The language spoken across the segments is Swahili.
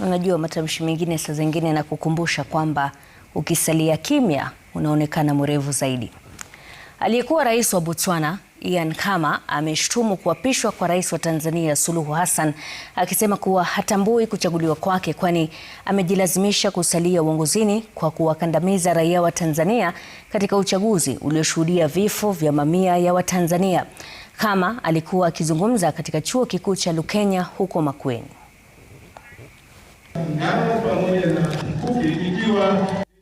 Unajua, matamshi mengine saa zingine nakukumbusha kwamba ukisalia kimya unaonekana mrefu zaidi. Aliyekuwa rais wa Botswana Ian Khama ameshtumu kuapishwa kwa rais wa Tanzania Suluhu Hassan akisema kuwa hatambui kuchaguliwa kwake kwani amejilazimisha kusalia uongozini kwa kuwakandamiza raia wa Tanzania katika uchaguzi ulioshuhudia vifo vya mamia ya Watanzania. Khama alikuwa akizungumza katika Chuo Kikuu cha Lukenya huko Makueni.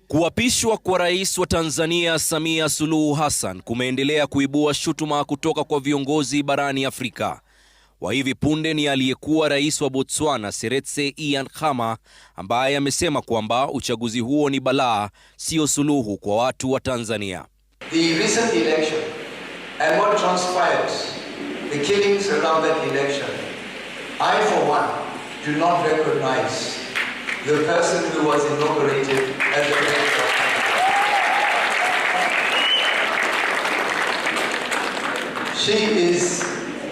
Kuapishwa kwa rais wa Tanzania Samia Suluhu Hassan kumeendelea kuibua shutuma kutoka kwa viongozi barani Afrika. Wa hivi punde ni aliyekuwa rais wa Botswana Seretse Ian-Khama ambaye amesema kwamba uchaguzi huo ni balaa, sio suluhu kwa watu wa Tanzania. The the person who was inaugurated as the president. of She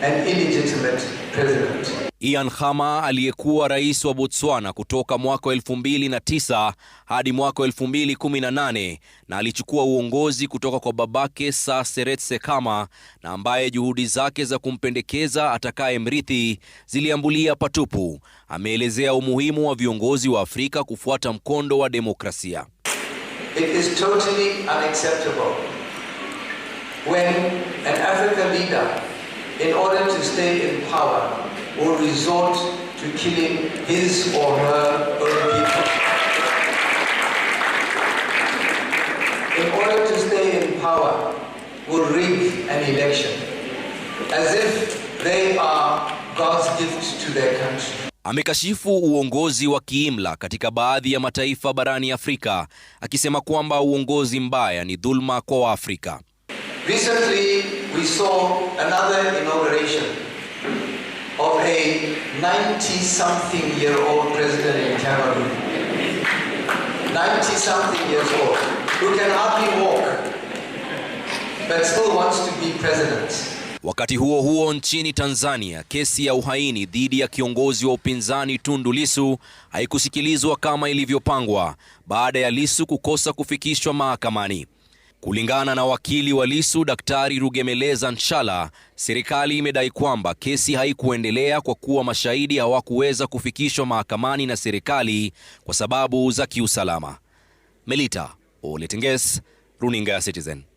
an illegitimate president. Ian Khama aliyekuwa rais wa Botswana kutoka mwaka 2009 hadi mwaka 2018 na alichukua uongozi kutoka kwa babake Seretse Khama na ambaye juhudi zake za kumpendekeza atakaye mrithi ziliambulia patupu, ameelezea umuhimu wa viongozi wa Afrika kufuata mkondo wa demokrasia. It is totally unacceptable when an African leader in order to stay in power, will resort to killing his or her own people. In order to stay in power, will rig an election, as if they are God's gift to their country. Amekashifu uongozi wa kiimla katika baadhi ya mataifa barani Afrika akisema kwamba uongozi mbaya ni dhulma kwa Waafrika. Recently we saw another inauguration of a 90-something year old president in Cameroon. 90-something years old, who can hardly walk, but still wants to be president. Wakati huo huo nchini Tanzania, kesi ya uhaini dhidi ya kiongozi wa upinzani Tundu Lissu haikusikilizwa kama ilivyopangwa baada ya Lissu kukosa kufikishwa mahakamani. Kulingana na wakili wa Lissu Daktari Rugemeleza Nshala, serikali imedai kwamba kesi haikuendelea kwa kuwa mashahidi hawakuweza kufikishwa mahakamani na serikali kwa sababu za kiusalama. Melita Oletenges, Runinga ya Citizen.